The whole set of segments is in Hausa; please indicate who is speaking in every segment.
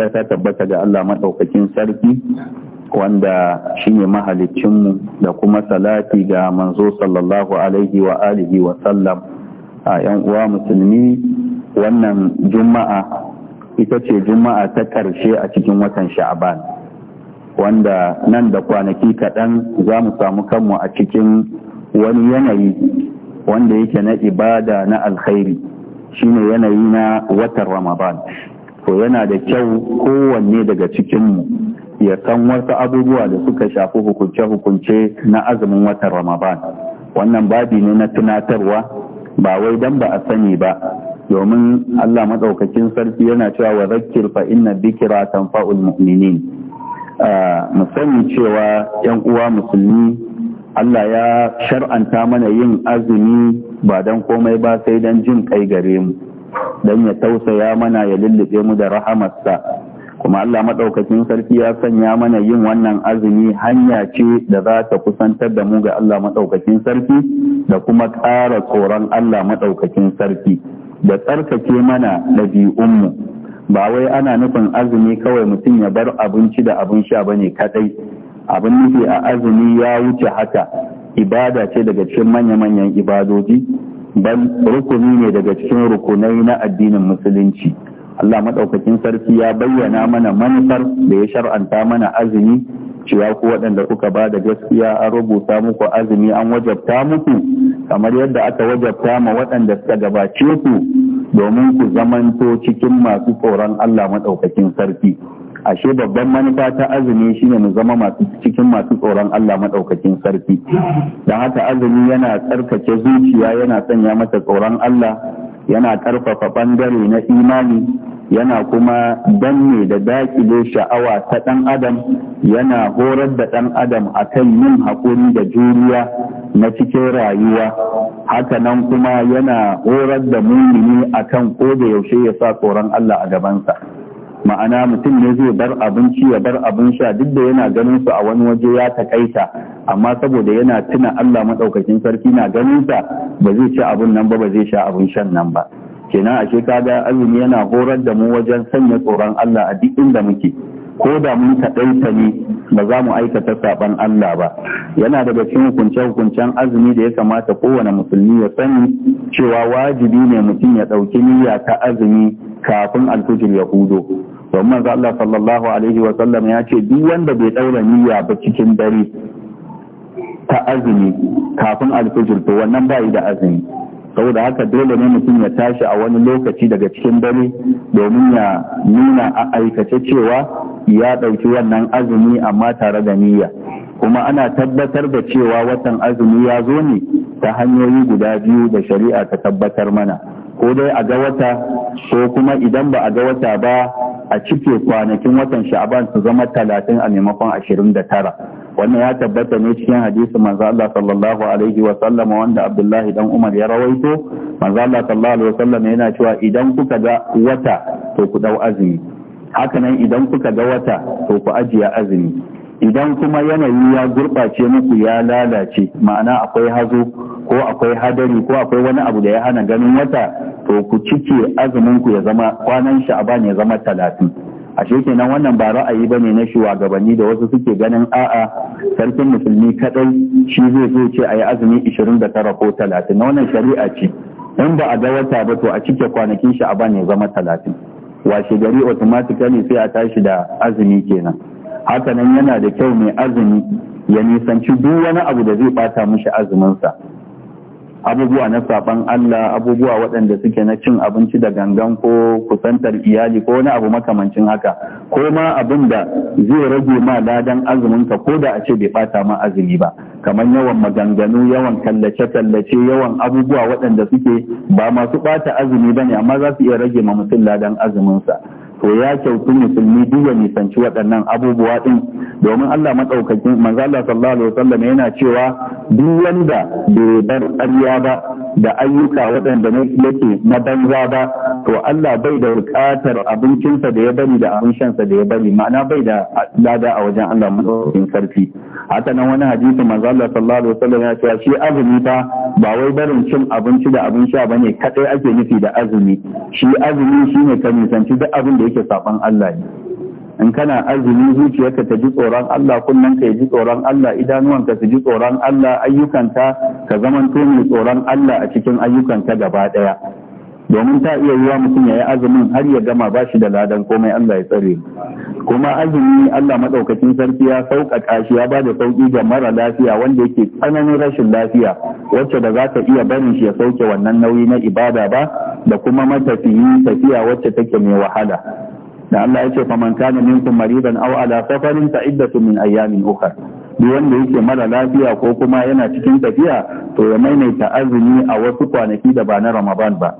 Speaker 1: ya ta tabbata ga Allah maɗaukakin sarki wanda shine mahalicinmu da kuma salati ga manzo sallallahu alaihi wa alihi wa sallam a yan uwa musulmi wannan juma'a ita ce juma'a ta ƙarshe a cikin watan sha'aban wanda nan da kwanaki kaɗan za mu samu kanmu a cikin wani yanayi wanda yake na ibada na alkhairi shine yanayi na watan ramadan to yana da kyau kowanne daga cikinmu ya san wasu abubuwa da suka shafi hukunce-hukunce na azumin watan ramadan wannan babi ne na tunatarwa ba wai dan ba a sani ba domin allah maɗaukakin sarki yana cewa wa zakir fa inna bikira tanfa'ul mu'minin mu sani cewa yan uwa musulmi allah ya shar'anta mana yin azumi ba don komai ba sai don jin kai gare mu dan ya tausaya mana ya lullube mu da rahamarsa kuma Allah maɗaukakin sarki ya sanya mana yin wannan azumi hanya ce da za ta kusantar da mu ga Allah maɗaukakin sarki da kuma ƙara tsoron Allah maɗaukakin sarki da tsarkake mana ɗabi'unmu ba wai ana nufin azumi kawai mutum ya bar abinci da abin sha ba ne kaɗai abin nufi a azumi ya wuce haka ibada ce daga cikin manya-manyan ibadoji bal rukuni ne daga cikin rukunai na addinin musulunci Allah maɗaukakin sarki ya bayyana mana manufar da ya shar'anta mana azumi cewa ku waɗanda kuka ba da gaskiya an rubuta muku azumi an wajabta muku kamar yadda aka wajabta ma waɗanda suka gabace ku domin ku zamanto cikin masu tsoron Allah maɗaukakin sarki. ashe babban manufa ta azumi shine mu zama masu cikin masu tsoron Allah madaukakin sarki dan haka azumi yana tsarkake zuciya yana sanya mata tsoron Allah yana karfafa bangare na imani yana kuma danne da dakile sha'awa ta ɗan adam yana horar da ɗan adam akan yin haƙuri da juriya na cikin rayuwa haka nan kuma yana horar da mumini akan ko da yaushe ya sa tsoron Allah a gabansa. ma'ana mutum ne zai bar abinci ya bar abin sha duk da yana ganin su a wani waje ya takaita amma saboda yana tuna Allah madaukakin sarki na ganin sa ba zai ci abin nan ba ba zai sha abin shan nan ba kenan ashe kaga azumi yana horar da mu wajen sanya tsoron Allah a duk inda muke ko da mun kaɗaita ne ba za mu aikata saɓan Allah ba yana daga cikin hukunce-hukuncen azumi da ya kamata kowane musulmi ya sani cewa wajibi ne mutum ya ɗauki niyya ta azumi kafin alfijir ya hudo domin manzo Allah sallallahu alaihi wa sallam ya ce duk wanda bai daura niyya ba cikin dare ta azumi kafin alfijir to wannan bai da azumi saboda haka dole ne mutum ya tashi a wani lokaci daga cikin dare domin ya nuna a aikace cewa ya ɗauki wannan azumi amma tare da niyya kuma ana tabbatar da cewa watan azumi ya zo ne ta hanyoyi guda biyu da shari'a ta tabbatar mana ko dai a ga wata ko kuma idan ba a ga wata ba a cike kwanakin watan sha'aban su zama talatin a maimakon ashirin da tara wannan ya tabbata ne cikin hadisi manzo Allah sallallahu alaihi wa sallam wanda Abdullahi dan Umar ya rawaito manzo Allah sallallahu alaihi wa sallam yana cewa idan kuka ga wata to ku dau azumi Hakanan idan kuka ga wata to ku ajiya azumi idan kuma yanayi ya gurɓace muku ya lalace ma'ana akwai hazo ko akwai hadari ko akwai wani abu da ya hana ganin wata to ku cike azumin ku ya zama kwanan sha'aban ya zama talatin ashe kenan wannan ba ra'ayi bane na shugabanni da wasu suke ganin a'a sarkin musulmi kadai shi zai zo ce ayi azumi 29 ko 30 na wannan shari'a ce in ba a ga wata ba to a cike kwanakin sha'aban ya zama 30 washe gari automatically sai a tashi da azumi kenan haka nan yana da kyau mai azumi ya nisanci duk wani abu da zai bata mishi azuminsa abubuwa na saban Allah abubuwa waɗanda suke na cin abinci da gangan ko kusantar iyali ko wani abu makamancin haka ko ma abin da zai rage ma ladan azumin ka ko da a ce bai bata ma azumi ba kamar yawan maganganu yawan kallace kallace yawan abubuwa waɗanda suke ba masu bata azumi bane amma za su iya rage ma mutum ladan azumin sa to ya kyautu musulmi duk ya nisanci waɗannan abubuwa ɗin domin Allah maɗaukakin manzo Allah sallallahu alaihi wasallam yana cewa duk wanda bai bar ƙarya ba da ayyuka waɗanda yake na banza ba to Allah bai da buƙatar abincinsa da ya bari da abin shansa da ya bari ma'ana bai da lada a wajen Allah madaukakin sarki haka nan wani hadisi manzo Allah sallallahu alaihi wasallam ya ce shi azumi fa ba wai barin cin abinci da abin sha bane kadai ake nufi da azumi shi azumi shine ka nisanci duk abin da yake saban Allah ne in kana azumi zuciyarka ta ji tsoron Allah kullum ka ji tsoron Allah idanuwanka su ji tsoron Allah ayyukanka ka zamanto mai tsoron Allah a cikin ayyukanka gaba daya domin ta iya yiwa mutum ya yi azumin har ya gama ba shi da ladan komai Allah ya tsare kuma azumi Allah madaukakin sarki ya sauƙaƙa shi ya ba da sauƙi ga mara lafiya wanda yake tsananin rashin lafiya wacce da za ta iya barin shi ya sauke wannan nauyi na ibada ba da kuma matafiyi tafiya wacce take mai wahala da Allah ya ce faman kana minkum maridan aw ala safarin fa iddatu min ayyamin ukhra duk wanda yake mara lafiya ko kuma yana cikin tafiya to ya maimaita azumi a wasu kwanaki da ba na Ramadan ba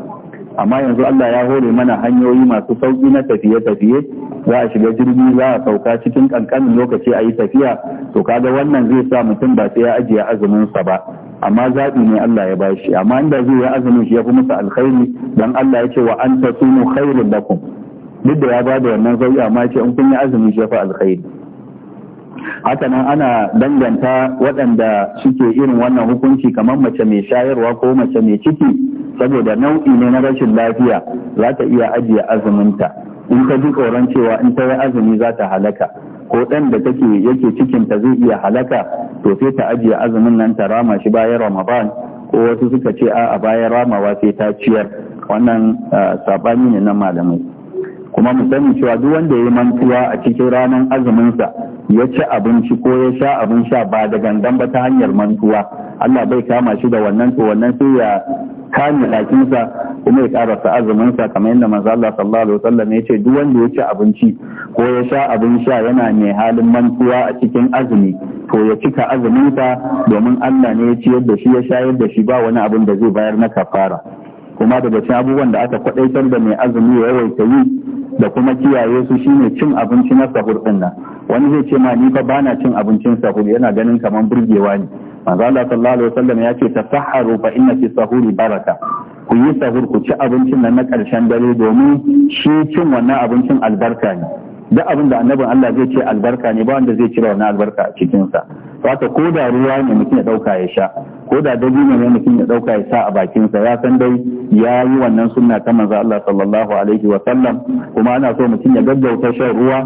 Speaker 1: amma yanzu Allah ya hore mana hanyoyi masu sauki na tafiye-tafiye za a shiga jirgi za a sauka cikin kankanin lokaci a yi tafiya to kaga wannan zai sa mutum ba sai ya ajiye azuminsa ba amma zaɓi ne Allah ya bashi amma inda zai yi azumin shi ya fi musu alkhairi dan Allah ya ce wa an tasumu kairin lakum duk da ya ba da wannan sauyi amma ce in kun yi azumi shi fa alkhairi haka nan ana danganta waɗanda suke irin wannan hukunci kamar mace mai shayarwa ko mace mai ciki saboda nau'i ne na rashin lafiya za ta iya ajiye azuminta in ka ji tsoron cewa in ta yi azumi za ta halaka ko ɗan da take yake cikinta zai iya halaka to sai ta ajiye azumin nan ta rama shi bayan ramadan ko wasu suka ce a bayan ramawa sai ta ciyar wannan eh, sabani ne na malamai kuma mu sani cewa duk wanda ya yi mantuwa a cikin ranar azuminsa ya ci abinci ko ya sha abin sha ba da gangan ba ta hanyar mantuwa Allah bai kama shi da wannan to wannan sai ya kame lakinsa kuma ya karasa azuminsa kamar yadda manzo Allah sallallahu alaihi wasallam ya ce duk wanda ya ci abinci ko ya sha abin sha yana mai halin mantuwa a cikin azumi to ya cika azuminsa domin Allah ne ya ci yadda shi ya sha yadda shi ba wani abin da zai bayar na kafara kuma daga cikin abubuwan da aka kwadaitar da mai azumi ya yawaita yi da kuma kiyaye su shine cin abinci na sahur din nan wani zai ce ma ni fa bana cin abincin sahur yana ganin kaman burgewa ne manzo Allah sallallahu alaihi wasallam ya ce tasahharu fa inna fi sahuri baraka ku yi sahur ku ci abincin nan na karshen dare domin shi cin wannan abincin albarka ne duk abin da annabin Allah zai ce albarka ne ba wanda zai cire wannan albarka a cikin sa ko da ruwa ne mutum ya dauka ya sha ko da dabino ne mutum ya dauka ya sa a bakinsa ya san dai ya yi wannan sunna ta manzo Allah sallallahu alaihi wa sallam kuma ana so mutum ya gaggauta shan ruwa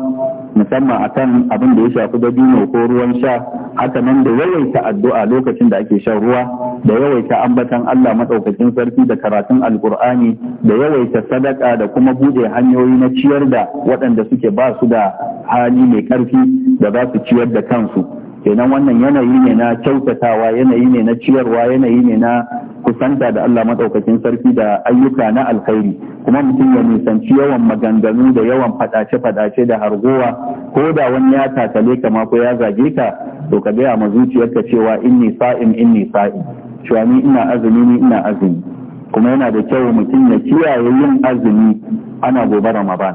Speaker 1: musamman akan abin da ya shafi dabino ko ruwan sha haka nan da yawaita addu'a lokacin da ake shan ruwa da yawaita ambatan Allah madaukakin sarki da karatun alkur'ani da yawaita sadaka da kuma bude hanyoyi na ciyar da waɗanda suke ba su da hali mai ƙarfi da za su ciyar da kansu kenan wannan yanayi ne na kyautatawa yanayi ne na ciyarwa yanayi ne na kusanta da Allah madaukakin sarki da ayyuka na alkhairi kuma mutum ya nisanci yawan maganganu da yawan fadace-fadace da hargowa ko da wani ya takale ka ko ya zage ka to ka gaya ma zuciyarka cewa inni sa'im inni sa'im cewa ni ina azumi ni ina azumi kuma yana da kyau mutum ya kiyaye yin azumi ana gobara ramadan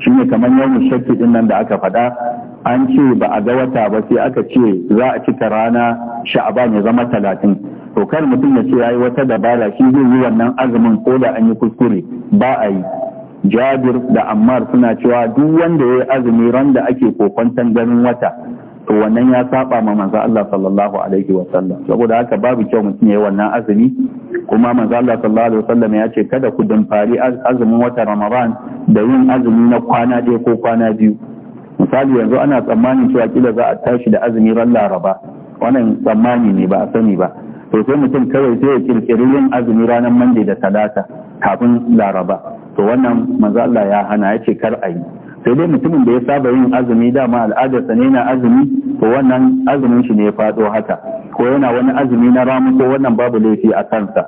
Speaker 1: shine kamar yawan shakki din nan da aka faɗa an ce ba a ga wata ba sai aka ce za a cika rana sha'aban ya zama talatin to kar mutum ya ce yayi wata dabara shi zai yi wannan azumin ko da an yi kuskure ba a yi jabir da ammar suna cewa duk wanda ya yi azumi ran da ake kokwantan ganin wata to wannan ya saba ma manzo Allah sallallahu alaihi wa sallam saboda haka babu kyau mutum yayi wannan azumi kuma manzo Allah sallallahu alaihi wa sallam ya ce kada ku dumfari azumin wata Ramadan da yin azumi na kwana ɗaya ko kwana biyu misali yanzu ana tsammanin cewa kila za a tashi da azumi ran laraba wannan tsammani ne ba a sani ba to sai mutum kawai sai ya kirkiri yin azumi ranar mande da talata kafin laraba to wannan manzo Allah ya hana ya ce kar a yi sai dai mutumin da ya saba yin azumi dama al'adarsa ne na azumi to wannan azumin shi ne ya faɗo haka ko yana wani azumi na ramu ko wannan babu laifi a kansa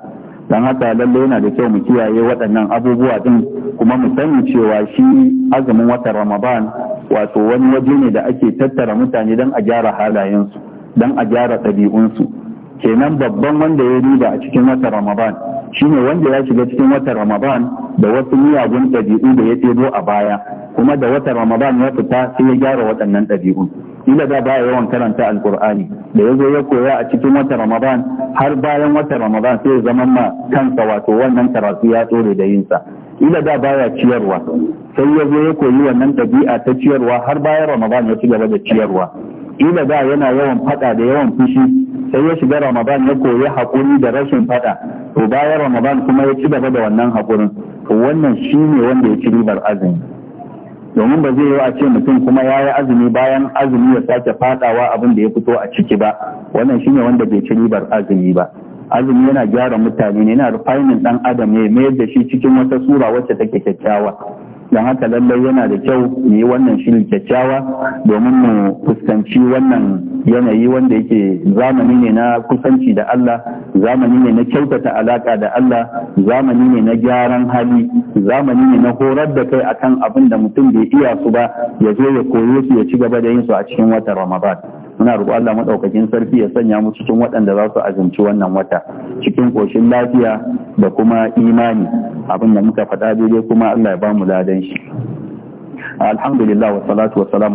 Speaker 1: dan haka lalle yana da kyau mu kiyaye waɗannan abubuwa din kuma mu sani cewa shi azumin watan ramadan wato wani waje ne da ake tattara mutane don a gyara halayensu don a gyara ɗabi'unsu kenan babban wanda ya riba a cikin watan ramadan shine wanda ya shiga cikin watan ramadan da wasu miyagun ɗabi'u da ya ɗebo a baya kuma da watan ramadan ya fita sai ya gyara waɗannan ɗabi'u ila da baya yawan karanta alkur'ani da ya zo ya koya a cikin watan ramadan har bayan watan ramadan sai ya zama ma kansa wato wannan karatu ya tsore da yinsa ila da baya ciyarwa sai ya zo ya koyi wannan ɗabi'a ta ciyarwa har bayan ramadan ya ci gaba da ciyarwa ila da yana yawan faɗa da yawan fushi sai ya shiga ramadan ya koyi hakuri da rashin faɗa to bayan ramadan kuma ya ci gaba da wannan haƙurin to wannan shine wanda ya ci ribar azumi domin ba zai yi a ce mutum kuma ya yi azumi bayan azumi ya sake faɗawa abin da ya fito a ciki ba wannan shine wanda bai ci ribar azumi ba azumi yana gyara mutane ne yana refining dan adam ne mayar da shi cikin wata sura wacce take kyakkyawa don haka lallai yana da kyau mu yi wannan shiri kyakkyawa domin mu fuskanci wannan yanayi wanda yake zamani ne na kusanci da Allah zamani ne na kyautata alaka da Allah zamani ne na gyaran hali zamani ne na horar da kai akan abin da mutum bai iya su ba ya zo ya koyo su ya ci gaba da yin su a cikin watan Ramadan muna roƙo Allah madaukakin sarki ya sanya mu cikin waɗanda za su azumci wannan wata cikin koshin lafiya da kuma imani abin da muka faɗa daidai kuma Allah ya ba mu ladan shi alhamdulillah wa salatu